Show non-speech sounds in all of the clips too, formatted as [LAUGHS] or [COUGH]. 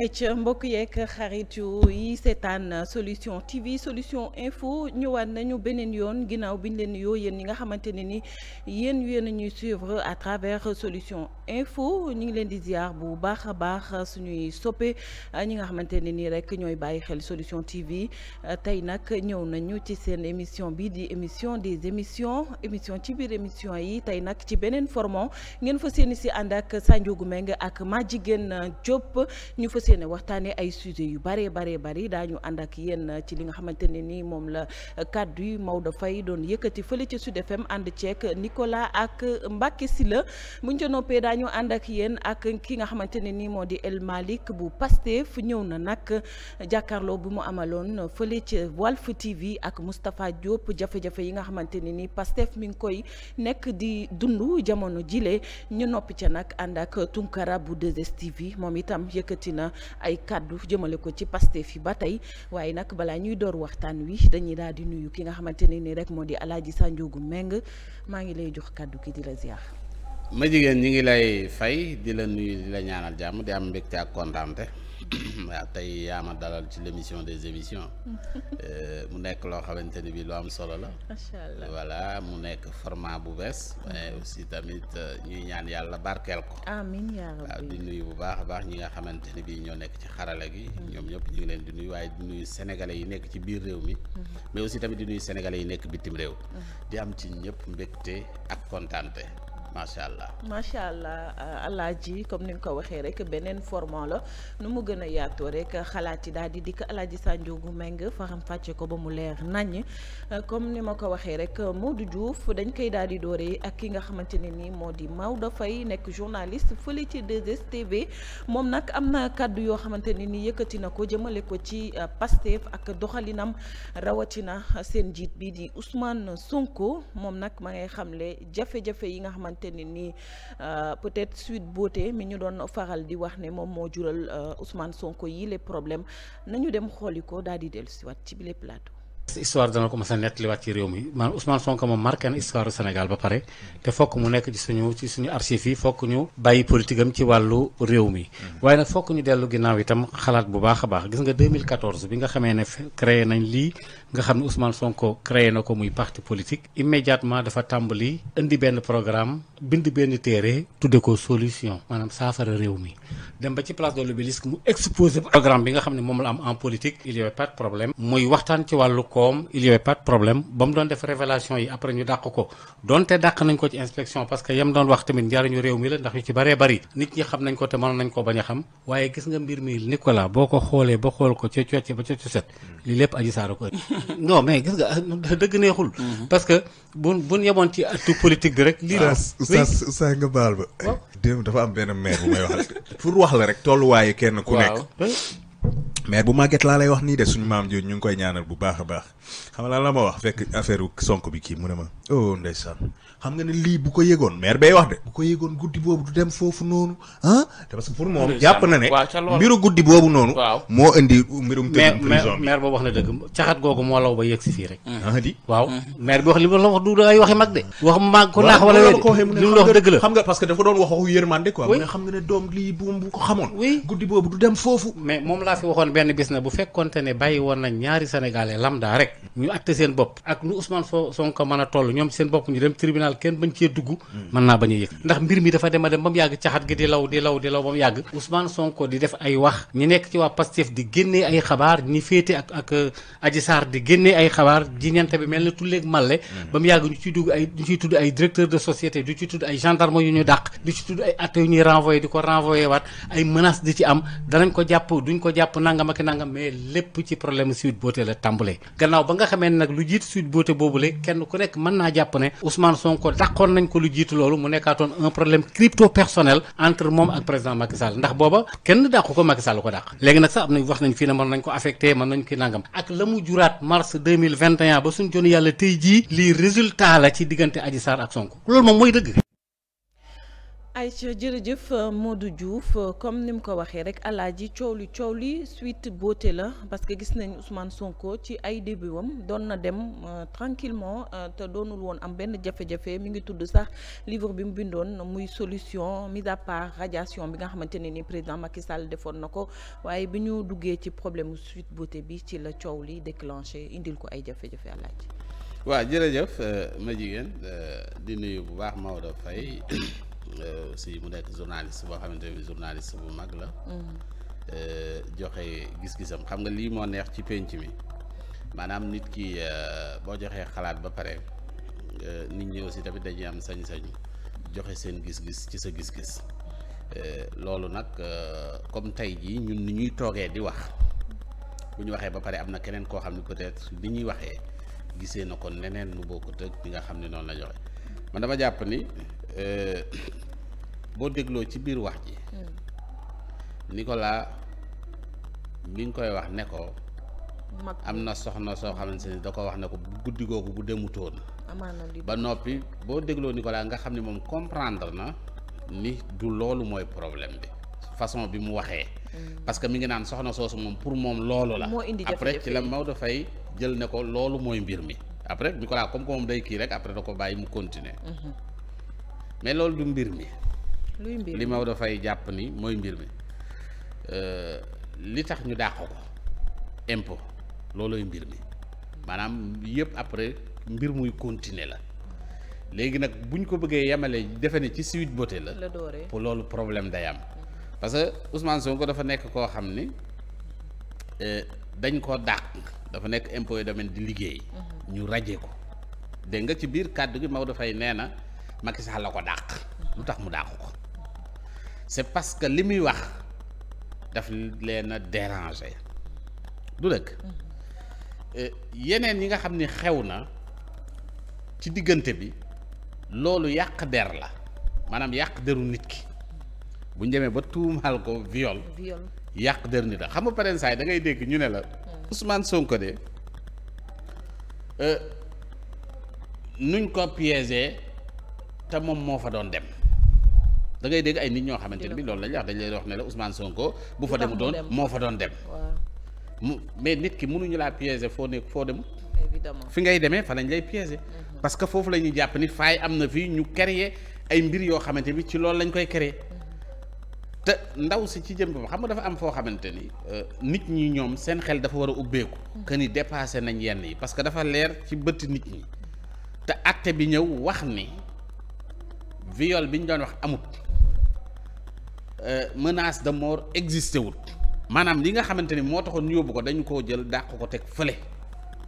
ayca mbokk yeeg xarit yu yi seetaan solution TV solution info ñëwaat nañu beneen yoon ginnaaw bi ñu leen yoo yéen ñi nga xamante ne ni yéen yéen a ñuy suivre à travers solution info ñu ngi leen di ziar bu baax a baax suñuy soppe ñi nga xamante ne nii rek ñooy bàyyi xel solution TV tey nag ñëw nañu ci seen émission bi di émission des émissions émission ci biir émission yi tey nag ci beneen format ngeen fas yéene si ànd ak Sandiogou Mbengue ak Madjiguène Diop yéene waxtaanee ay sujet yu baree baree bari daañu ànd ak yéen ci li nga xamante ne ni moom la kàddu yi Maodo Faye doon yëkkati fële ca Sud FM ànd ceek Nicolas ak si la buñ ca noppee daañu ànd ak yéen ak ki nga xamante ne ni moo di El Malick bu fu ñëw na nag jàkkaarloo bu mu amaloon fële ca Walf TV ak Moustapha Diop jafe-jafe yi nga xamante ne ni Pastef mi ngi koy nekk di dundu jamono jile ñu noppi ca nag ànd ak Tunkara bu 2STV moom itam yëkkati na ay kàddu jëmale ko ci Pastef fii ba tey waaye nag balaa ñuy door waxtaan wi dañuy daal di nuyu ki nga xamante ne ni rek moo di Alaaji Sanjoogu Meng maa ngi lay jox kàddu ki di la ziar. ma jigéen ñi ngi lay fay di la nuyu di la ñaanal jàmm di am mbégte ak kontaante [COUGHS] waaw tey yaa ma dalal ci l'émission des émissions [LAUGHS] euh, mu nekk loo xamante ni bii lu am solo la macha voilà mu nekk format bu bees mais mm-hmm. aussi tamit euh, ñuy ñaan yàlla barkeel ko amiin yaa rabbi waaw di nuyu bu baax a baax ñi nga xamante ni bii ñoo nekk ci xarala gi mm-hmm. ñoom ñëpp ñu ngi leen di nuyu waaye di nuyu sénégalais yi nekk ci biir réew mi mm-hmm. mais aussi tamit di nuyu sénégalais yi nekk bitim réew di am ci ñëpp mbégte ak kontaante macha allah macha allah euh, ji comme ni nga ko waxee rek beneen format la nu mu gën a yaatoo rek xalaat yi daal di dikk alaaji Sanjoogu Meng faram fàccee ko ba mu leer naññ euh, comme ni ma ko waxee rek Modou Diouf dañ koy daal di dooree ak ki nga xamante ne nii moo di Maodo Faye nekk journaliste fële ci 2STV moom nag am na kàddu yoo xamante ni nii yëkkati na ko jëmale ko ci euh, Pastef ak doxalinam rawatina seen jiit bii di Ousmane Sonko moom nag ma ngay xamle jafe yi nga xamante xamante ne nii euh, peut-être suite beauté mi ñu doon faral di wax ne moom moo jural euh, Ousmane Sonko yi problème problèmes nañu dem xooli ko daal di dellusiwaat ci bile plateau. histoire dana ko mos a nettaliwaat ci réew mi maanaam Ousmane Sonko moom marqué na histoire du Sénégal ba pare te fokk mu nekk ci suñu ci suñu archives yi fokk ñu bàyyi politique am ci wàllu réew mi waaye nag fokk ñu dellu ginnaaw itam xalaat bu baax a baax gis nga 2014 bi nga xamee ne créé nañ lii nga xam ne Ousmane Sonko créé na ko muy parti politique immédiatement dafa tàmbali indi benn programme bind benn téere tudde ko solution maanaam saafara réew mi dem ba ci place de l'Obélisque mu exposé programme bi nga xam ne moom la am en politique il y avait problème muy waxtaan ci wàllu koom il y avait pas problème ba mu doon def révélation yi après ñu dàq ko donte dàq nañ ko ci inspection parce que yam doon wax tamit njariñu réew mi la ndax yu ci bëree bëri nit ñi xam ko te nañ ko bañ a xam waaye gis nga mbir mi Nicolas boo ko xoolee ba xool ko ca cocc lépp aji saara ko non mais gis nga dëgg neexul. Mhm. parce que bu bu ñu yemoon ci acte politique bi rek. lii la oustaz oustaz nga baal ba. Oh. démb dafa am benn maire bu may wax pour wax la rek tolluwaayu kenn ku nekk. maire bu màgget laa lay wax nii de suñu maam jooju ñu koy ñaanal bu baax a baax oh, xam nga ne lii bu ko yëgoon maire bay wax de bu ko yëgoon guddi boobu du dem foofu noonu ah te parce que pour moom jàpp na guddi boobu noonu waaw moo indi mbirum tëdd prison bi maire boobu wax na dëgg caxat googu moo law ba yegg mm-hmm. ah, mm-hmm. wax ma la wax du ay mag ko naax xam nga que dafa doon wax waxu yërmande quoi mais xam nga ne doom lii bu ko xamoon guddi boobu du dem foofu mais moom laa fi waxoon waxoon benn bis na bu fekkonte ne bàyyi woon nañ ñaari sénégalais lambda rek ñu atte seen bopp ak lu Ousmane Sonko mën a toll ñoom seen bopp ñu dem tribunal kenn bañ cee dugg mën naa bañ a yëg ndax mbir mi dafa dem a dem ba mu yàgg caxat gi di law di law di law ba mu yàgg di def ay wax ñi nekk ci waa di génnee ay xabaar ñi féete ak euh, di génnee ay xabaar ji bi mel na tulleeg màlle ba mu yàgg ñu ciy dugg ay ñu ciy tudd ay directeur de société du ci tudd ay gendarme yu ñu dàq du ci tudd ay atte yu ñuy renvoyé di ko renvoyé waat ay menace di ci am danañ ko jàpp duñ ko jàpp nang nangam ak nangam mais lépp ci problème Sweet Beauté la tàmbalee gannaaw ba nga xamee nag lu jiitu Sweet Beauté boobule kenn ku nekk mën naa jàpp ne Ousmane Sonko dàqoon nañ ko lu jiitu loolu mu nekkaatoon un problème crypto personnel entre moom ak président Macky ndax booba kenn dàqu ko Macky Sall ko dàq léegi nag sax am nañ wax nañ fii ne mën nañ ko affecté mën nañ ko nangam ak la mu juraat mars 2021 ba suñ joon yàlla tey jii lii résultat la ci ay Aïcha jërëjëf Modou Diouf comme ni mu ko waxee rek alaaji coow li coow li suite beauté la parce que gis nañ Ousmane Sonko ci ay début am doon na dem euh, tranquillement euh, te doonul woon am benn jafe-jafe mi ngi tudd sax livre bi mu bindoon muy solution mise à part radiation bi nga xamante ne ni président Macky Sall defoon na ko waaye bi ñu duggee ci problème suite beauté bi ci la coow li déclenché indil ko ay jafe-jafe alaaji. waaw jërëjëf euh, ma jigéen di nuyu bu baax Maodo Euh, aussi mu nekk journaliste boo xamante ne journaliste bu mag la. Euh, joxe gis-gisam xam nga lii moo neex ci pénc mi maanaam nit ki euh, boo joxee xalaat ba pare nit ñi aussi tamit dañuy am sañ-sañu joxe seen gis-gis ci sa gis-gis loolu nag comme tey jii ñun ni ñuy toogee di wax bu ñu waxee ba pare am na keneen koo xam ne peut-être ni ñuy waxee gisee na ko neneen mu bokkut tëgg li nga xam ne noonu la joxe man dama jàpp ni. boo dégloo ci biir wax ji hmm. Nicolas bi nga koy wax ne ko am na soxna soo xamante ni da ko wax ne ko guddi googu bu demutoon ba noppi boo dégloo Nicolas nga xam ne moom comprendre na ni du loolu mooy problème bi façon bi mu waxee hmm. parce que mi ngi naan soxna soosu moom pour moom loolu la après ci la Maodo Faye jël ne ko loolu mooy mbir mi après Nicolas comme que moom day kii rek après da ko bàyyi mu continuer hmm. mais loolu du mbir mi li Maodo Faye jàpp ni mooy mbir mi euh, li tax ñu dàq ko impôt loolooy mbir mi maanaam yëpp après mbir muy continuer la léegi nag bu ñu ko bëggee yemale defe ne ci Sweet Beauté la pour loolu problème day am parce que Ousmane Sonko dafa nekk koo xam ni euh, dañ koo dàq dafa nekk impôt yu domaine di liggéey mhm. ñu raje ko dégg nga ci biir kàddu gi Maodo Faye nee na Macky Sall la ko dàq lu tax mu dàq ko c'est parce que li muy wax daf leen a déranger du dëkk mm-hmm. yeneen yi nga xam ni xew na ci diggante bi loolu yàq der la maanaam yàq deru nit ki bu ñu demee ba tuumaal ko viol yàq der nit la xam nga pareen saa da ngay dégg ñu ne la mm. Ousmane Sonko de euh, nuñ ko piégé te moom moo fa doon dem dangay dégg ay nit ñoo xamante ne bi loolu lañ wax dañ lay wax ne la Ousmane Sonko bu fa demu doon moo fa doon dem mu mais nit ki mënuñu laa piéger foo nekk foo demul fi ngay demee fa lañ lay piéger mhm. parce que foofu la ñuy jàpp ni faay am na fii ñu créer ay yoo xamante bi ci loolu lañ koy créer mhm. te ndaw si ci jëm ba xam nga dafa am foo xamante ni euh, nit ñi ñoom seen xel dafa war a ubbeeku mhm. que ni dépassé nañ yenn yi parce que dafa leer ci bëtt nit ñi te àtte bi ñëw wax ni viol bi ñu doon wax amut euh, menace de mort existé wul maanaam li nga xamante ni moo taxoon yóbbu ko dañu koo jël dàq ko teg fële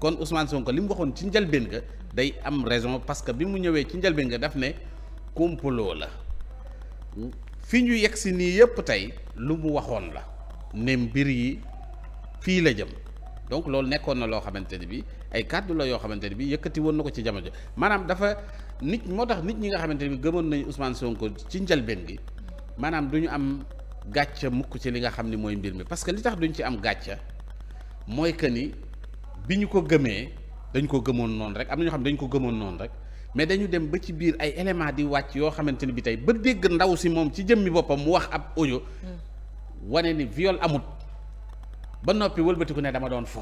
kon Ousmane Sonko li mu waxoon ci njëlbeen ga day am raison parce que bi mu ñëwee ci njëlbeen nga daf ne complot la fi ñu yegg si nii yëpp tey lu mu waxoon la ne mbir yi fii la jëm donc loolu nekkoon na loo xamante ne bi ay kàddu la yoo xamante ne bi yëkkati woon na ko ci jamono maanaam dafa. nit moo tax nit ñi nga xamante ni gëmoon nañu Ousmane Sonko ci njalbeen gi maanaam du ñu am gàcca mukk ci li nga xam ni mooy mbir mi parce que li tax duñ ci am gàcca mooy que ni bi ñu ko gëmee dañ ko gëmoon noonu rek am na ñoo xam ne dañ ko gëmoon noonu rek mais dañu dem ba ci biir ay éléments di wàcc yoo xamante ni bi tey ba dégg ndaw si moom ci jëmmi boppam mu wax ab audio hmm. wane ni viol amut ba noppi wëlbatiku ne dama doon fo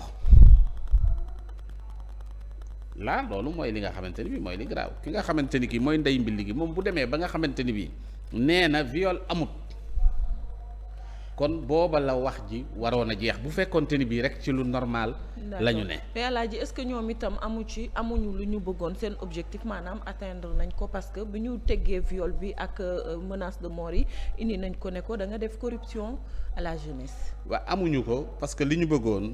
laa loolu mooy li nga xamante ni bi mooy li garaaw ki nga xamante ni ki mooy ndey mbilli gi moom bu demee ba nga xamante ni bi nee na viol amut kon booba la wax ji waroon a jeex bu fekkonte ni bii rek ci lu normal la ñu ne mais alaaji est-ce que ñoom itam amu ci amuñu lu ñu bëggoon seen objectif maanaam atteindre nañ ko parce que bu ñu teggee viol bi ak euh, menace de mort yi indi nañ ko ne ko da def corruption à la jeunesse waa amuñu ko parce que li ñu bëggoon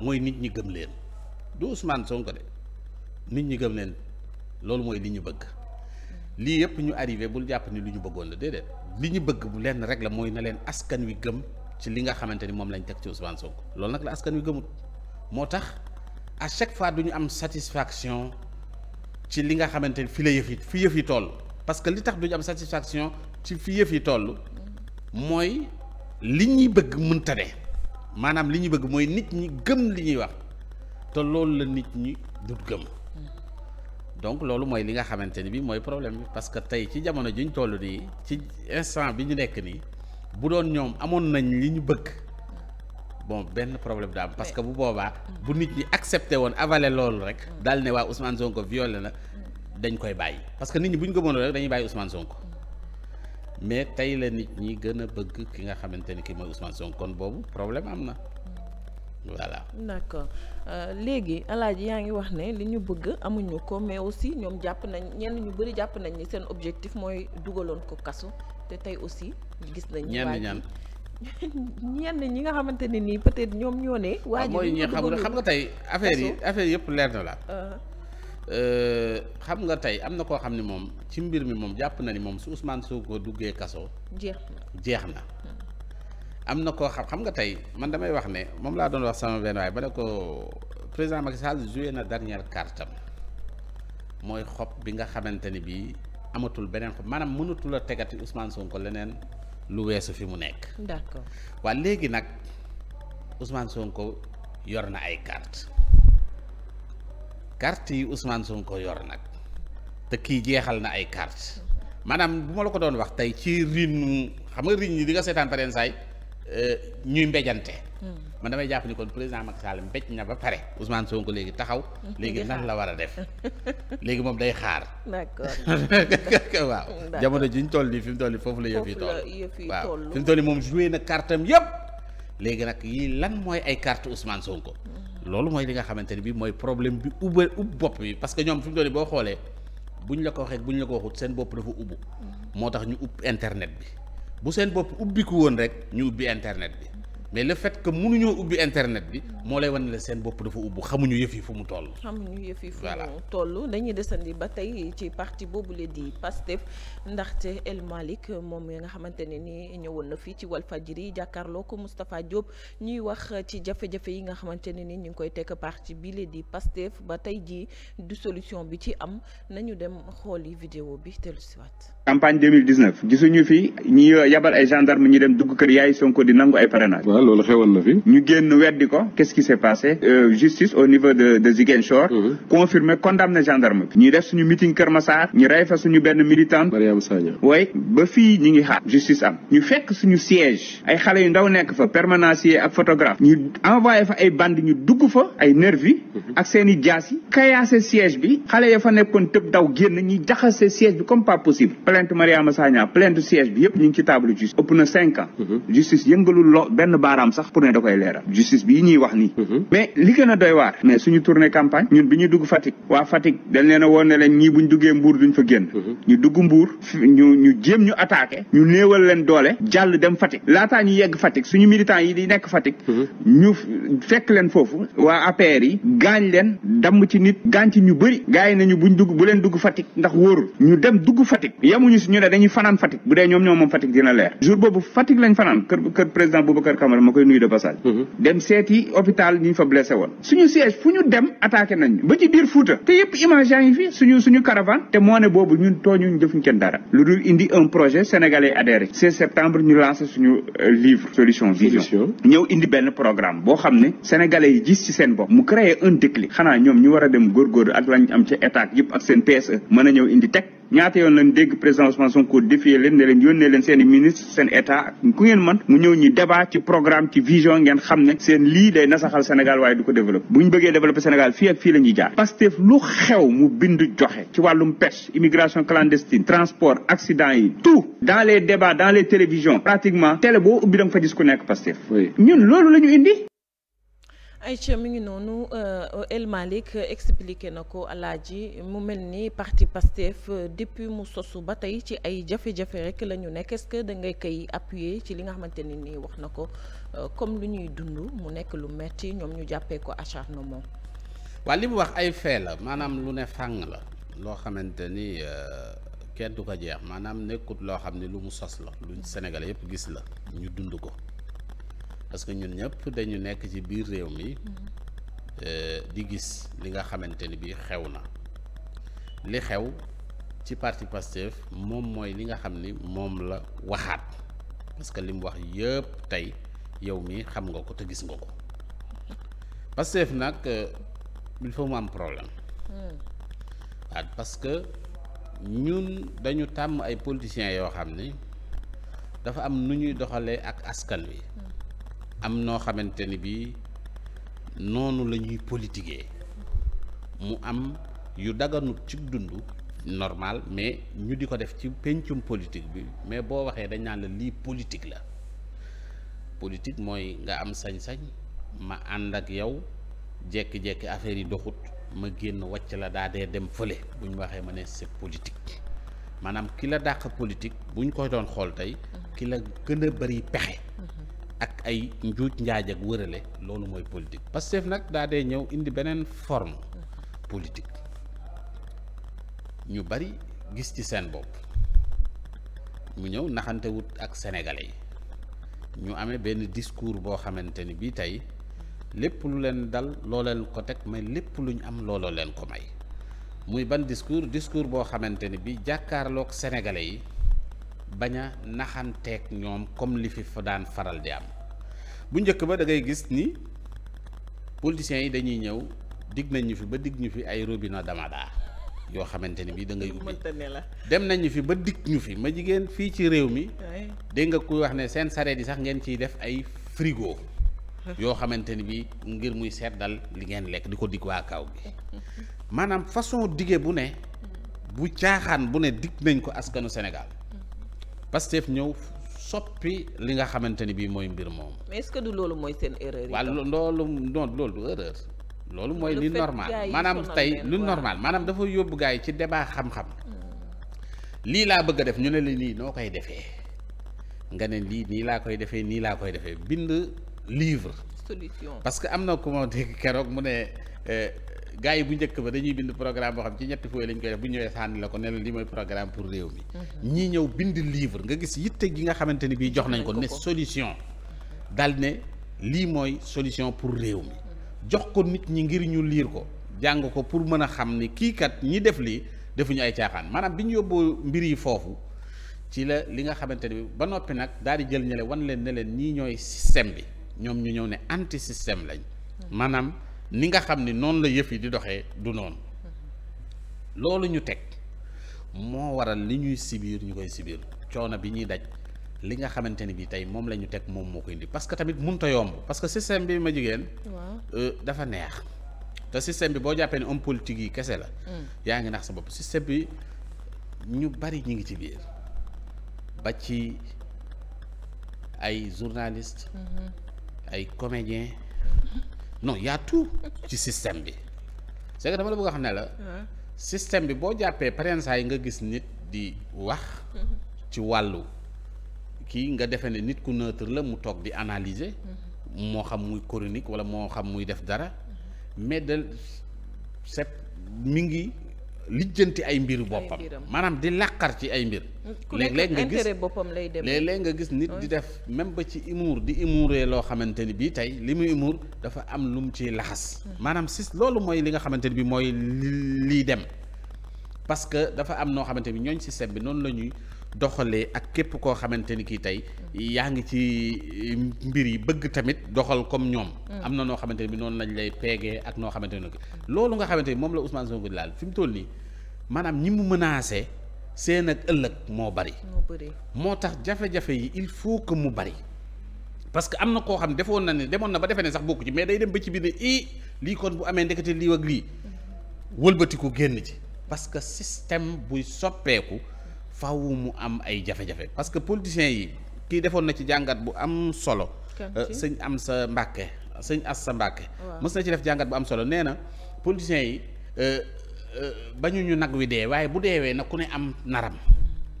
mooy nit ñi gëm leen du Ousmane Sonko de nit ñi gëm leen loolu mooy li ñu bëgg lii yëpp ñu arrivé bul jàpp ni lu ñu bëggoon la déedéet li ñu bëgg bu lenn rek la mooy na leen askan wi gëm ci li nga xamante ni moom lañ teg ci Ousmane Sonko loolu nag la askan wi gëmut moo tax a chaque fois du ñu am satisfaction ci li nga xamante ni fi la yëf yi fi yëf yi toll parce que li tax du ñu am satisfaction ci fi yëf yi toll mooy li ñuy bëgg mënta ne maanaam li ñuy bëgg mooy nit ñi gëm li ñuy wax te loolu la nit ñi dut gëm donc loolu mooy li nga xamante ni bi mooy problème bi parce que tey ci jamono ñu toll nii ci instant bi ñu nekk nii bu doon ñoom amoon nañ li ñu bëgg bon benn problème daa am parce que bu boobaa bu nit ñi accepté woon avalé loolu rek daal ne waa Ousmane Sonko violé na dañ koy bàyyi parce que nit ñi bu ñu gëmoon rek dañuy bàyyi Ousmane Sonko mais tey la nit ñi gën a bëgg ki nga xamante ni ki mooy Ousmane Sonko kon boobu problème am na voilà d'accord euh, léegi alaaji yaa ngi wax ne li ñu bëgg amuñu ko mais aussi ñoom jàpp nañ ñenn ñu bëri jàpp nañ ni seen objectif mooy dugaloon ko kaso te tey aussi gis nañ ñenn ñan [LAUGHS] ñenn ñi nga xamante ne nii peut-être ñoom ñoo ne waa ah, ji mooy ñi xam nga xam nga tey affaire yi affaire yëpp leer na la euh. Euh, xam nga tey am na koo xam ne moom ci mbir mi moom jàpp na ni moom su Ousmane Sonko duggee kaso jeex jeex na hmm. am na ko xam xam nga tey man damay wax ne moom laa doon wax sama benn waay ba ne ko président Macky Sall joué na dernière carte mooy xob bi nga xamante ni bii amatul beneen xob maanaam mënatul a tegati Ousmane Sonko leneen lu weesu fi mu nekk. d'accord waa léegi nag Ousmane Sonko yor na ay carte carte yi Ousmane Sonko yor nag te kii jeexal na ay carte maanaam bu ma la ko doon wax tey ci riinu xam nga riin yi di nga seetaan pareen saay Euh, ñuy mbéjante. Hmm. man damay jàpp ni kon président Macky Sall mbéj na ba pare Ousmane Sonko léegi taxaw. [LAUGHS] léegi nan la war a def [LAUGHS] léegi moom day xaar. d'accord [LAUGHS] waaw. jamono ji ñu toll nii fi mu toll nii foofu la yëf yi toll. waaw fi mu toll nii moom joué na cartam yëpp. léegi nag yi lan mooy ay carte Ousmane Sonko. Hmm. loolu mooy li nga xamante ne bii mooy problème bi ubbe ub bopp bi parce que ñoom fi mu toll nii boo xoolee buñ la ko waxee buñ la ko waxut seen bopp dafa ubbu. Hmm. moo tax ñu ub bi. bu seen bopp ubbiku woon rek ñu ubbi internet bi mais le fait que ñoo ubbi internet bi moo lay wan ne seen bopp dafa ubbu xamuñu yëf yi fu mu toll. xamuñu yëf yi fu mu toll dañuy desandi ba tey ci parti boobule di Pastef ndaxte El Malick moom nga xamante ne ni ñëwoon na fii ci Walfadjri jàkkaarloo ko Moustapha Diop ñuy wax ci jafe-jafe yi nga xamante ne ni ñu ngi koy tekk parti bile di Pastef ba tey jii du solution bi ci am nañu dem xooli vidéo bi te lu si waat. campagne 2019 gisuñu fi ñi yabal ay gendarme ñu dem dugg kër yaay Sonko di loolu xewoon na fi. ñu génn weddi ko qu'est-ce qui s'est passé euh, justice au niveau de de Ziguinchor. Mm-hmm. confirmé condamné gendarme bi. ñu def suñu meeting Kër Massar. ñu rey fa suñu benn militant. Mariam Sagna waaye ba fii ñu ngi xaar justice am. ñu fekk suñu siège. ay xale yu ndaw nekk fa permanencier ak photographe. ñu envoyé fa ay band ñu dugg fa ay nervi mm-hmm. ak seen i jaas yi. kayaase siège bi. xale ya fa nekkoon tëb daw génn ñi jaxase siège bi comme pas possible. plainte Mariama Sagna plainte yëpp ñu ngi ci table justice. ëpp na cinq baaraam sax pour ne da koy leeral justice bii ñuy wax nii mhm. mais li gën a doy waar mais suñu tourné campagne ñun bi ñu dugg Fatick waa Fatick dañ leen a woon ne leen ñii buñ duggee Mbour duñ fa génn mhm. ñu dugg Mbour ñu ñu jéem ñu attaqué ñu néewal leen doole jàll dem Fatick laataa ñu yegg Fatick suñu militants yi di nekk Fatick mhm. ñu fekk leen foofu waa APR yi gaañ leen damm ci nit gaañ ci ñu bëri gars yi nañu buñ dugg bu leen dugg Fatick ndax wóorul ñu dem dugg ma koy nuyu de passage mm-hmm. dem seeti hôpital ñu fa blessé woon suñu siège fu ñu dem attaqué nañ ba ci biir Fouta te yëpp image yaa ngi fi suñu suñu caravane te moo ne boobu ñun tooñuñ defuñ kenn dara lu dul indi un projet sénégalais adhéré 16 septembre ñu lancé suñu euh, livre solution vision ñëw indi benn programme boo xam ne sénégalais yi gis ci seen bopp mu créé un déclic xanaa ñoom ñu war a dem góorgóorlu ak lañ am ci état yëpp ak seen PSE mën a ñëw indi teg ñaata yoon lañ dégg président Ousmane Sonko défier leen ne leen yónnee leen seen i ministre seen état ku ngeen mën mu ñëw ñi débat ci programme ci vision ngeen xam ne seen lii day nasaxal Sénégal waaye du ko développé bu ñu bëggee développé Sénégal fii ak fii la ñuy jaar Pastef lu xew mu bind joxe ci wàllum pêche immigration clandestine transport accident yi tout dans les débats dans les télévisions pratiquement télé boo ubbi da fa gis ku nekk Pastef ñun loolu indi Aïcha mi ngi noonu euh, El Malick expliqué na ko ji mu mel ni parti Pastef euh, depuis mu sosu ba tey ci ay jafe-jafe rek la ñu nekk est-ce que da ngay koy appuyer ci li nga xamante ni nii wax na ko euh, comme lu ñuy dund mu nekk lu metti ñoom ñu jàppee ko acharnement. waa li mu wax ay fee la maanaam lu ne fàng la loo xamante ni kenn du ko jeex maanaam nekkut loo xam ne lu mu sos la lu Sénégalais yëpp gis la ñu dund ko. parce que ñun ñëpp dañu nekk ci biir réew mi mm-hmm. euh, di gis li nga xamante ni bii xew na li xew ci parti Pastef moom mooy li nga xam ni moom la waxaat parce que li mu wax yëpp tey yow mii xam nga ko te gis nga ko Pastef nag euh, il faut mu am problème mm. waaw parce que ñun dañu tàmm ay politiciens yoo xam ni dafa am nu ñuy doxalee ak askan wi. Mm. am noo xamante ni bii noonu la ñuy politiquer mu am yu daganut ci dund normal mais ñu di ko def ci pencum politique bi mais boo waxee dañ naan la lii politique la politique mooy nga am sañ-sañ ma ànd ak yow jekki-jekki affaire yi doxut ma génn wàcc la daa dee dem fële bu ñu waxee ma ne c'est politique maanaam ki la dàq politique buñ ñu koy doon xool tey ki la gën a bari pexe mm-hmm. ak ay njuuj njaaj ak wërale loolu mooy politique Pastef nag daa dee ñëw indi beneen forme politique ñu bari gis ci seen bopp mu ñëw naxantewut ak sénégalais yi ñu amee benn discours boo xamante ni bii tey lépp lu leen dal loo ko teg mais lépp lu am looloo leen ko may muy ban discours discours boo xamante ni bii jàkkaarloog sénégalais yi. bañ a naxanteeg ñoom comme li fi fa daan faral di am bu njëkk ba dangay gis ni politiciens yi dañuy ñëw digg nañ ñu fi ba digg ñu fi ay robinet damada yoo xamante ni bii da ngay ubbi dem nañ fi ba dig ñu fi ma jigéen fii ci réew mi dégg nga kuy wax ne seen sareet yi sax ngeen ciy def ay frigo yoo xamante ni bii ngir muy seddal li ngeen lekk di ko dig waa kaw gi maanaam façon dige bu ne bu caaxaan bu ne dig nañ ko askanu Sénégal Pastef ñëw soppi li nga xamante ni bii mooy mbir moom. mais est que du loolu mooy seen erreur yi. waaw loolu non loolu mooy li normal maanaam tey lu normal maanaam dafa yóbbu gars yi ci débat xam-xam. Hmm. lii laa bëgg a def ñu ne la nii noo koy defee nga ne lii nii laa koy defee nii laa koy defee bind livre. solution parce que am na ku ma dégg keroog mu ne euh, gars bu njëkk ba dañuy bind programme boo xam ci ñetti fooy lañ koy def bu ñëwee sànni la ko ne la mooy programme pour réew mi. Mhm. ñii ñëw bind livre nga gis yitte gi nga xamante ni bii jox nañ ko ne solution dal ne lii mooy solution pour réew mi jox ko nit ñi ngir ñu liir ko jàng ko pour mën a xam ni kii kat ñi def lii defuñu ay caaxaan maanaam bi ñu yóbboo mbir yi foofu ci la li nga xamante ni ba noppi nag daal di jël ñele wan leen ne leen ñii ñooy système bi ñoom ñu ñëw ne anti système lañ mhm. ni nga xam ni noonu la yëf yi di doxee du noonu loolu ñu teg moo waral li ñuy sibiir ñu koy sibiir coono bi ñuy daj li nga xamante ni bi tey moom la ñu teg moom moo koy indi parce que tamit mënut a yomb parce que système bi ma jigéen euh, dafa neex te système bi boo jàppee ne homme politique yi kese la mm. yaa ngi nax sa bopp système bi ñu bari ñu ngi ci biir ba ci ay journaliste mm-hmm. ay comédien mm-hmm. non y' a ci système bi c'est que dama la bëgg xam ne la. système bi boo jàppee parensaay yi nga gis nit di wax. ci wàllu kii nga defe ne nit ku neutre la mu toog di analyser. moo xam muy chronique walla moo xam muy def dara. Mm-hmm. mais de c'est ngi lijjanti ay mbiru boppam maanaam di làqar ci ay mbir mm, léeg-léeg nga gis léeg-léeg nga gis nit di def même ba ci imuur di imuuree loo xamante ni bii tey li muy imuur dafa am lu mu ciy laxas mm. maanaam si loolu mooy li nga xamante ni bi mooy lii dem parce que dafa am noo xamante ni ñooñ système bi noonu la ñuy doxalee ak képp koo xamante ni kii tey mm. yaa ngi ci eh, mbir yi bëgg tamit doxal comme ñoom am na noo xamante ni bi noonu lañ lay peegee ak noo xamante ni loolu nga xamante moom la Ousmane Sonko laal fi mu toll nii maanaam ñi mu mën menacé seen ak ëllëg moo bari. moo tax jafe-jafe yi il faut que mu bari. parce que am na koo xam defoon na ne demoon na ba defee ne sax bokku ci mais day dem ba ci biir ne lii kon bu amee ndekete lii ak lii wëlbatiku génn ci parce que système buy soppeeku faw mu am ay jafe-jafe parce que politiciens yi kii defoon na ci jàngat bu am solo. Euh, sëñ am sa mbàkke sëñ as sa mbàkke mës na ci def jàngat bu am solo nee na yi. Euh, bañuñu nag wi dee waaye bu deewee nag ku ne am naram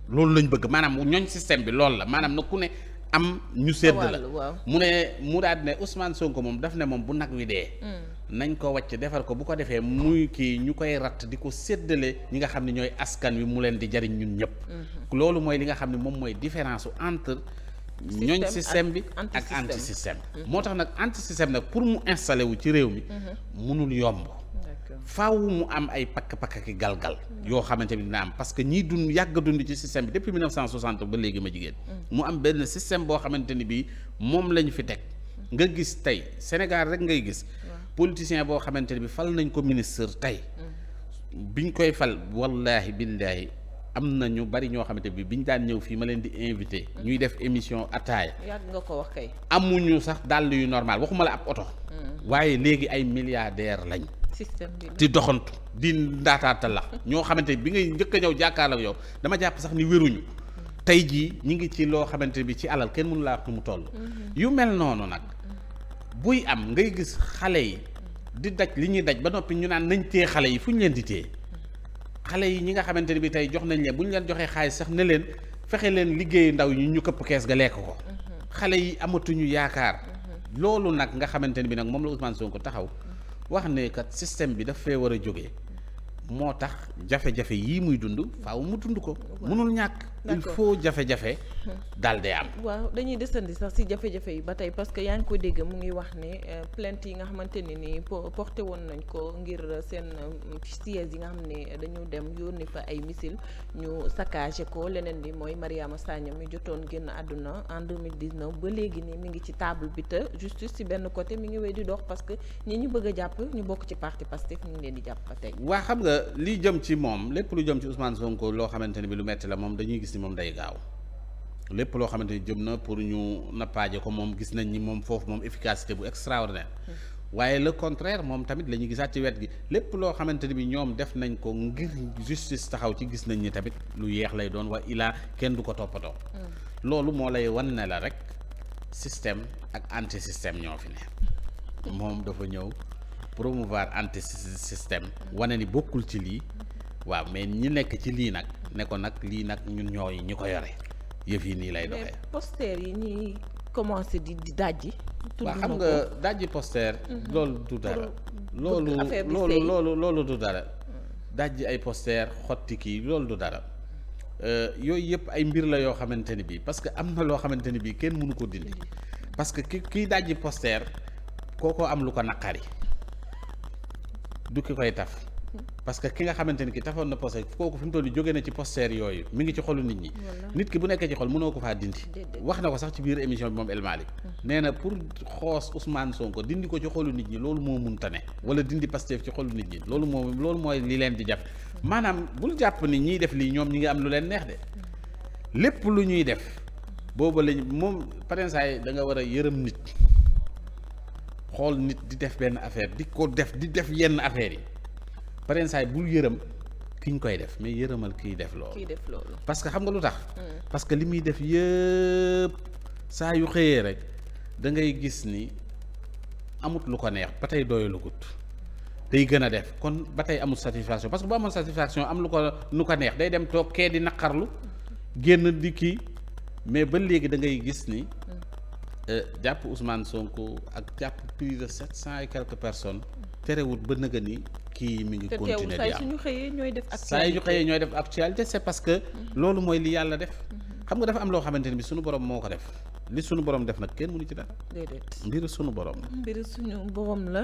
loolu lañ bëgg maanaam ñooñ système bi loolu la maanaam na ku ne am ñu sedd la mu ne mu daal ne Ousmane moom daf ne moom bu nag wi dee hmm. nañ ko wàcc defar ko bu ko defee muy kii ñu koy ratt di ko séddale ñi nga xam ne ñooy askan wi mu leen di jariñ ñun ñëpp hmm. loolu mooy li nga xam ne moom mooy différence entre ñooñ système bi ak anti système hmm. moo tax nag anti système nag pour mu installé wu ci réew mi mënul yomb faaw mu am ay pakk-pakk ak galgal yoo xamante ni dina am parce que ñiy dund yàgg dund ci système bi depuis 1960 ba léegi ma jigéen mu am benn système boo xamante ni bii moom lañ fi teg nga gis tey Sénégal rek ngay gis politicien boo xamante ni bi fal nañ ko ministre tey mm. biñ koy fal wallaahi billaahi am na ñu bari ñoo xamante bi ñu daan ñëw fii ma leen di invité ñuy def émission ataaya yàgg nga ko wax kay amuñu sax dàll yu normal waxuma la ab oto mm. waaye léegi ay milliardaire lañ système bi di doxantu di ndaataata la [LAUGHS] ñoo xamante bi ngay njëkk a ñëw jàkkaarloo ak yow dama jàpp sax ni wéruñu mm-hmm. tey jii ñu ngi ci loo xamante bi ci alal kenn mënu laa wax mu toll. Mm-hmm. yu mel noonu nag mm-hmm. buy am ngay gis xale yi di daj li ñuy daj ba noppi ñu naan nañ tee xale yi fu ñu leen di téye xale yi ñi nga xamante ne bi tey jox nañ leen bu ñu leen joxee xaalis sax ne leen fexe leen liggéeyu ndaw yi ñu këpp kees nga lekk ko. xale yi amatuñu yaakaar. loolu nag nga xamante ne bi nag moom la Ousmane taxaw. wax ne kat système bi daf fee war a jóge moo tax jafe-jafe yii muy dund faaw mu dund ko mënul ñàkk il faut jafe-jafe dal day am waaw dañuy desandi sax si jafe-jafe yi ba tey parce que yaa ngi ko dégg mu ngi wax ne euh, plainte yi nga xamante ne po porté woon nañ ko ngir euh, seen euh, siège yi nga xam ne dañu dem yónni fa ay missile ñu saccagé ko leneen li mooy Mariama Sagna mi jotoon génn àdduna en 2019 ba léegi nii mi ngi ci table bi te justice si benn côté mi ngi wéy di dox parce que ñi ñu bëgg a jàpp ñu bokk ci parti Pastef ñu ngi leen di jàpp ba tey waa xam nga li jëm ci moom lépp lu jëm ci Ousmane loo xamante ne bi lu la moom dañuy gis gis ni moom day gaaw lépp loo xamante ni jëm na pour ñu nappaaje ko moom gis nañ ni moom foofu moom efficacité bu extraordinaire mm-hmm. waaye le contraire moom tamit la ñuy gisaat ci wet gi lépp loo xamante ni bi ñoom def nañ ko ngir justice taxaw ci gis nañ ni tamit lu yeex lay doon waa illa kenn du ko toppatoo mm. loolu moo lay wane ne la rek système ak anti système ñoo fi ne [LAUGHS] moom dafa ñëw promouvoir anti système mm. wane ni bokkul ci lii mm-hmm. waaw mais ñi nekk ci lii nag ne ko nag lii nag ñun ñooy ñu ko yore yëf yi nii lay doxee. poster yi ñuy commencé di di dajji. waaw xam nga dajji poster. Mhm. loolu du dara. loolu loolu loolu du dara. dajji ay poster xotti kii loolu du dara. Euh, yooyu yëpp ay mbir la yoo xamante ni bii parce que am na loo xamante ni bii kenn mënu ko dindi parce que ki kiy dajji poster ko am lu ko naqari du ki koy taf parce que ki nga xamante ni ki tafoon na poste kooku fi mu toll nii jóge na ci posteer yooyu mi ngi ci xolu nit ñi. nit ki bu nekkee ci xol mënoo ko fa dindi. wax na ko sax ci biir émission bi moom El Malick. Mm. nee na pour xoos Ousmane Sonko dindi ko ci xolu nit ñi loolu moo mënta tane wala dindi Pastef ci xolu nit ñi loolu moo loolu mooy li leen di jàpp mm. maanaam bul jàpp ni ñiy def lii ñoom ñi ngi am lu leen neex de mm. lépp lu ñuy def boobu lañ moom parensaay da nga war a yërëm nit xool nit di def benn affaire di ko def di def yenn affaire yi. pareen saay bul yërëm ki ñu koy def mais yërëmal kiy def loolu. kiy def loolu parce que xam nga lu tax. Hmm. parce que li muy def yëpp saa yu xëyee rek da ngay gis ni amut lu ko neex ba tey doyalugut day gën a def kon ba tey amut satisfaction parce que bu amoon satisfaction am lu ko nu ko neex day dem toog kee di naqarlu génn di kii mais ba léegi da ngay gis ni. Hmm. Euh, jàpp Ousmane Sonko ak jàpp plus de sept cent et personne personnes terewut ba nëgë ni kii mi ngi continuer di am saa yu ñu xëyee ñooy def actualité saa yu ñu xëyee ñooy parce que mhm. loolu mooy li yàlla def mhm. xam nga dafa am loo xamante ne bi suñu borom moo ko def li sunu borom def nag kenn mënu ci dara. déedéet mbiru suñu borom la. mbiru sunu la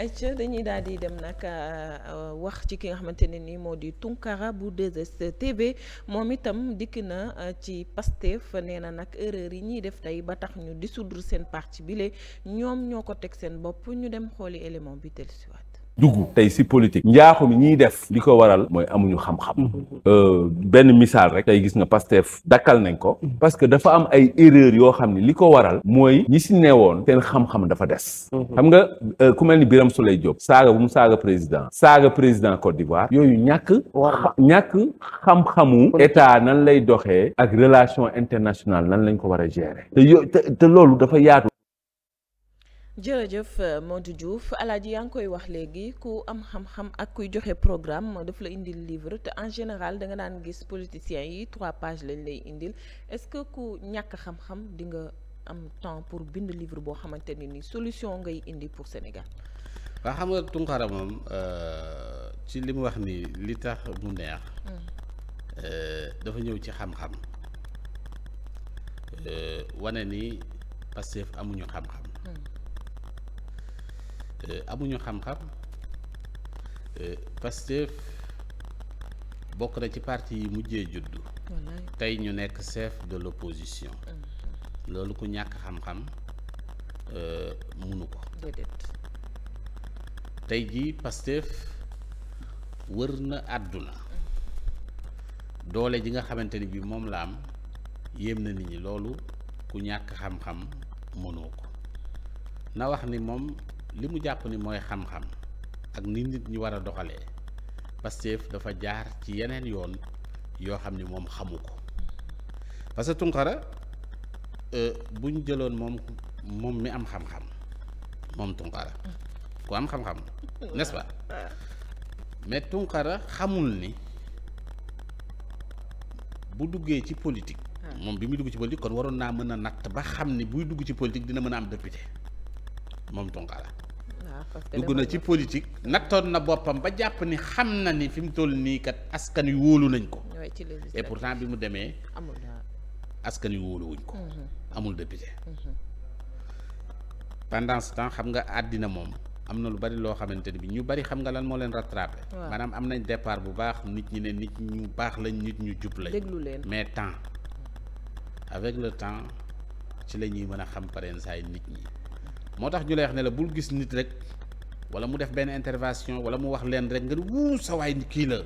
ayca dañuy daal di dem nag euh, euh, wax ci ki nga xamante ne nii moo di Tunkara bu 2STV moom itam dikk na euh, ci Pastef nee na nag erreur yi ñuy def tey ba tax ñu di dissoudre seen parti bile ñoom ñoo ko teg seen bopp ñu dem xooli élément bi dellusiwaat. dugg tey si politique njaaxu mi ñiy def li ko waral mooy amuñu xam-xam mhm. euh, benn misaal rek tey gis nga Pastef dakkal nañ ko mhm. parce que dafa am ay erreur yoo xam ne li ko waral mooy ñi si neewoon seen xam-xam dafa des mhm. xam nga euh, ku mel ni Birame Souleye Diop saaga bu mu saaga président saaga président Côte d'Ivoire yooyu ñàkk ñàkk xam-xamu état nan lay doxee ak relation internationale nan lañ ko war a gérer te loolu dafa yaatu jërëjëf euh, Modou Diouf alaaji yaa ngi koy wax léegi ku am xam-xam ak kuy joxe programme daf la indil livre te en général da nga daan gis politiciens yi trois pages lañ lay indil est-ce que ku ñàkk xam-xam di nga am temps pour bind livre boo xamante ne ni solution ngay indi pour Sénégal. waa xam nga Tunkara moom euh, ci li wax ni li tax mu neex. Hmm. Euh, dafa ñëw ci xam-xam wane ni Pastef amuñu xam-xam. Hmm. Euh, amuñu xam-xam euh, Pastef bokk na ci parti yi mujjee juddu tey ñu nekk chef de l'opposition loolu ku ñàkk xam-xam euh, munu ko tey jii Pastef wër na àdduna doole ji nga xamante ni bi moom la am yéem na nit ñi loolu ku ñàkk xam-xam mënoo ko na wax ni moom li mu jàpp ni mooy xam-xam ak ni nit ñi war a doxalee Pastef dafa jaar ci yeneen yoon yoo xam ni moom xamu ko parce que Tunkara euh, bu ñu jëloon moom moom mi am xam-xam moom Tunkara ku am xam-xam [LAUGHS] nest mais Tunkara xamul ni bu duggee ci politique ah. moom bi muy dugg ci politique kon waroon naa mën a natt ba xam ni buy dugg ci politique dina mën a am député moom Tounkara dugg na ci politique nattoon na boppam ba jàpp ni xam na ni fi mu toll nii kat askan wi wóolu nañ ko et pourtant bi mu demee askan wi wóoluwuñ ko mhm. amul député mhm. pendant ce temps xam nga àddina moom am na lu bari loo xamante ni bi ñu bari xam nga lan moo leen rattrapé maanaam am nañ départ bu baax nit ñi ne nit ñu baax lañ nit ñu jub lañ mais temps avec le temps ci la ñuy mën a xam pareen saay nit ñi moo tax ñu la wax ne la bul gis nit rek wala mu def benn intervention wala mu wax leen rek nga ne wuu sa waay kii la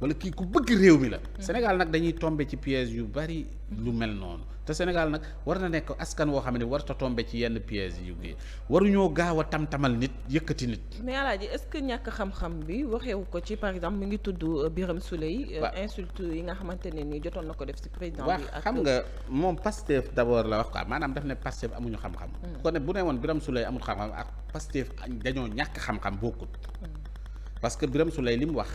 wala kii ku bëgg réew mi la. Hmm. Sénégal nag dañuy tombe ci piège yu bari lu mel noonu te Sénégal nag war na nekk askan woo xam ne war ta tombe ci yenn piège yu kii waruñoo gaaw a tam-tamal nit yëkkati nit. mais Alaaji est-ce que ñàkk xam-xam bi waxeewu ko ci par exemple mu ngi tudd euh, Birame Souleye. Euh, waaw insulte yi nga xamante ne nii jotoon na ko def si président bi. ak xam nga moom Pastef d'abord la wax ko quoi maanaam daf ne Pastef amuñu xam-xam. Hmm. ko ne bu ne woon Birame Souleye amul xam-xam ak Pastef dañoo ñàkk xam-xam hmm. parce que Birame Souleye li mu wax.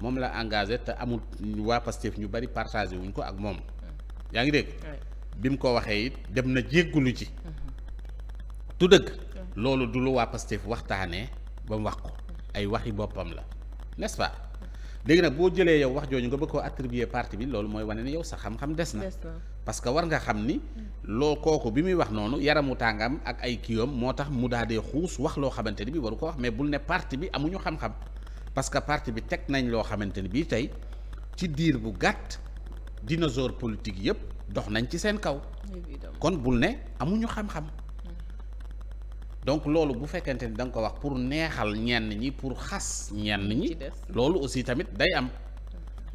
moom la engagé te amul waa Pastef ñu bari partagé wuñ ko ak moom yaa ngi dégg bi mu ko waxee it dem na jéggulu ci du dëkk loolu du lu waa Pastef waxtaanee ba mu wax ko ay wax waxi boppam la n'est-ce pas léegi nag boo jëlee yow wax jooju nga bëgg koo attribuer parti bi loolu mooy wane ne yow sa xam-xam des na parce que war nga xam ni mm. loo kooku bi muy wax noonu yaramu tàngam ak ay kiiwam moo tax mu daadee xuus wax loo xamante ni bi waru ko wax mais bul ne parti bi amuñu xam parce que parti bi teg nañ loo xamante ni bii tey ci diir bu gàtt dinosaure politique yëpp dox nañ ci seen kaw. kon bul ne amuñu xam-xam. donc loolu bu fekkente ni da nga ko wax pour neexal ñenn ñi pour xas ñenn ñi. loolu aussi tamit day am.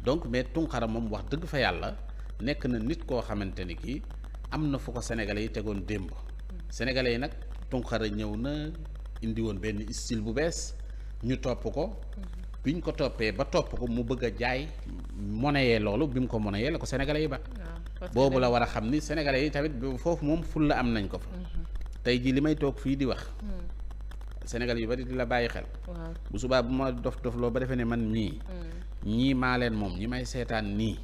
donc mais Tounkara moom wax dëgg fa yàlla nekk na nit koo xamante ni kii am na fu ko sénégalais yi tegoon démb. Mm. sénégalais yi nag Tounkara ñëw na indi woon benn style bu bees. ñu topp ko bi ñu ko toppee ba topp ko mu bëgg a jaay monnayee loolu bi mu ko monnayee la ko sénégalais yi ba boobu la war a xam ni sénégalais yi tamit foofu moom ful la am nañ ko fa mhm. tey jii li may toog fii di wax mhm. sénégalais yi bari di la bàyyi xel bu subaa bu ma dof dof loo ba defee ne man mii mhm. ñii maa leen moom ñi may seetaan nii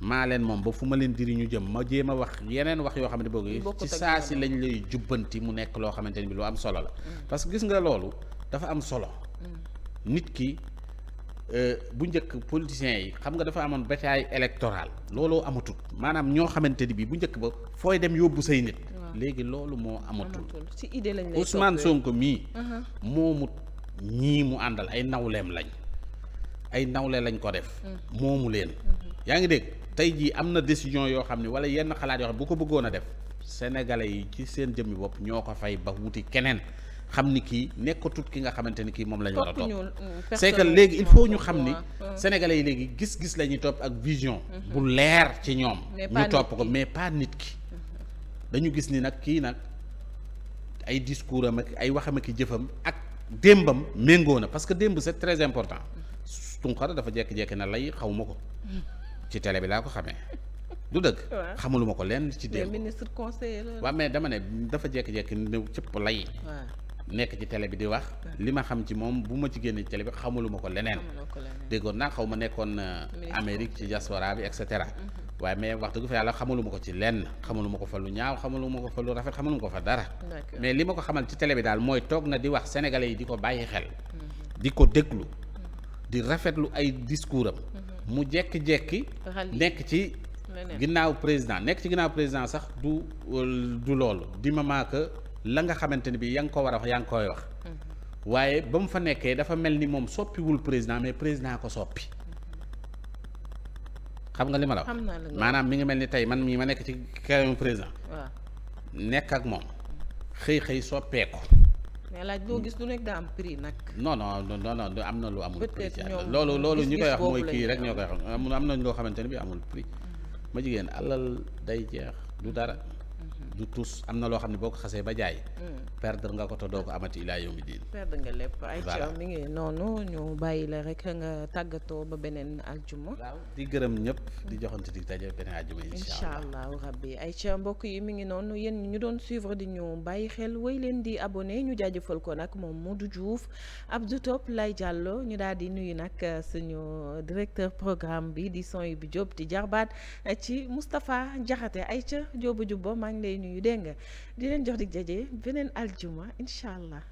maa leen moom ba fu ma leen diri ñu jëm ma jéem a wax yeneen wax yoo xam ne boobu ci saa si lañ lay jubbanti mu nekk loo xamante ne bi lu am solo la parce que gis nga loolu dafa am solo nit ki euh, bu njëkk politiciens yi xam nga dafa amoon bataille électorale looloo amatul maanaam ñoo xamante ni bii bu njëkk ba fooy dem yóbbu say nit. léegi loolu moo amatul. ci lañ lay Ousmane Sonko mii. Uh-huh. moomut ñii mu àndal ay nawleem lañ ay nawle lañ ko def. Mm. moomu leen. Mm-hmm. yaa ngi dégg tey jii am na décision yoo xam ne wala yenn xalaat yoo xam ne bu ko bëggoon a def sénégalais yi ci seen jëmmi bopp ñoo ko fay ba wuti keneen. xam ni kii nekk nekkatut ki nga xamante ni kii moom lañu war a topp mm, c'est que léegi il faut ñu xam ni sénégalais yi léegi gis-gis lañuy ñuy topp ak vision mm-hmm. bu leer ci ñoom ñu topp ko mais pas nit ki mm-hmm. dañu gis ni nag kii nag ay discours am ak ay waxam ak jëfam ak démbam méngoo na parce que démb c'est très important Tunkara mm-hmm. dafa jekki-jekki na lay xaw ma ko ci tele bi laa ko xamee du dëgg [LAUGHS] xamuluma ko lenn ci démb ministre conseiller la waaw mais dama ne dafa jekki-jekki ne cëpp nekk ci télé bi di wax li ma xam ci moom bu ma ci génne ci télé bi xamuluma ko leneen déggoon naa xaw ma nekkoon euh, Amérique ci diaspora bi et cetera mhm. waaye mais wax dëgg fa yàlla xamuluma ko ci lenn xamuluma ko fa lu ñaaw xamuluma ko fa lu rafet xamuluma ko fa dara mais li ma ko xamal ci télé bi daal mooy toog na di wax sénégalais yi di ko bàyyi xel mhm. di ko déglu mhm. di rafetlu ay discours am mu jekki-jekki nekk ci ginnaaw président nekk ci ginnaaw président sax du euh, du loolu di mama que la nga xamante ni bi yaa nga ko war a wax yaa ngi koy wax mm-hmm. waaye ba mu fa nekkee dafa mel ni moom soppiwul président mais président ko soppi mm-hmm. xam nga li ma la wax maanaam mi ngi mel ni tey man mii ma nekk ci kanamu président nekk ak moom mm-hmm. xëy xëy soppeeku mais laaj doo gis du nekk daa am prix nag. non non non non am na lu amul prix. loolu loolu ñi koy wax mooy kii rek ñoo koy wax am nañ loo xamante ne bi amul prix. ma jigéen alal day jeex du dara. du tus am na loo xam ne boo ko xasee ba jaay. Mm. perdre nga ko te doo ko amati ilaa yomi diin. perdre nga lépp ay ca mi ngi noonu ñu bàyyi la rek nga tàggatoo ba beneen aljuma. waaw di gërëm ñëpp. di joxante di daje beneen aljuma incha allah rabbi ay ca mbokk yi mi ngi noonu yéen ñu doon suivre di ñu bàyyi xel wéy leen di abonné ñu jaajëfal ko nag moom du Diouf Abdou Top lay jàllo ñu daal di nuyu nag euh, suñu directeur programme bi di son bi Diop di jarbaat ci Moustapha Diakhaté ay nuyu dégg nga di leen jox di jajee beneen aljuma incha allah.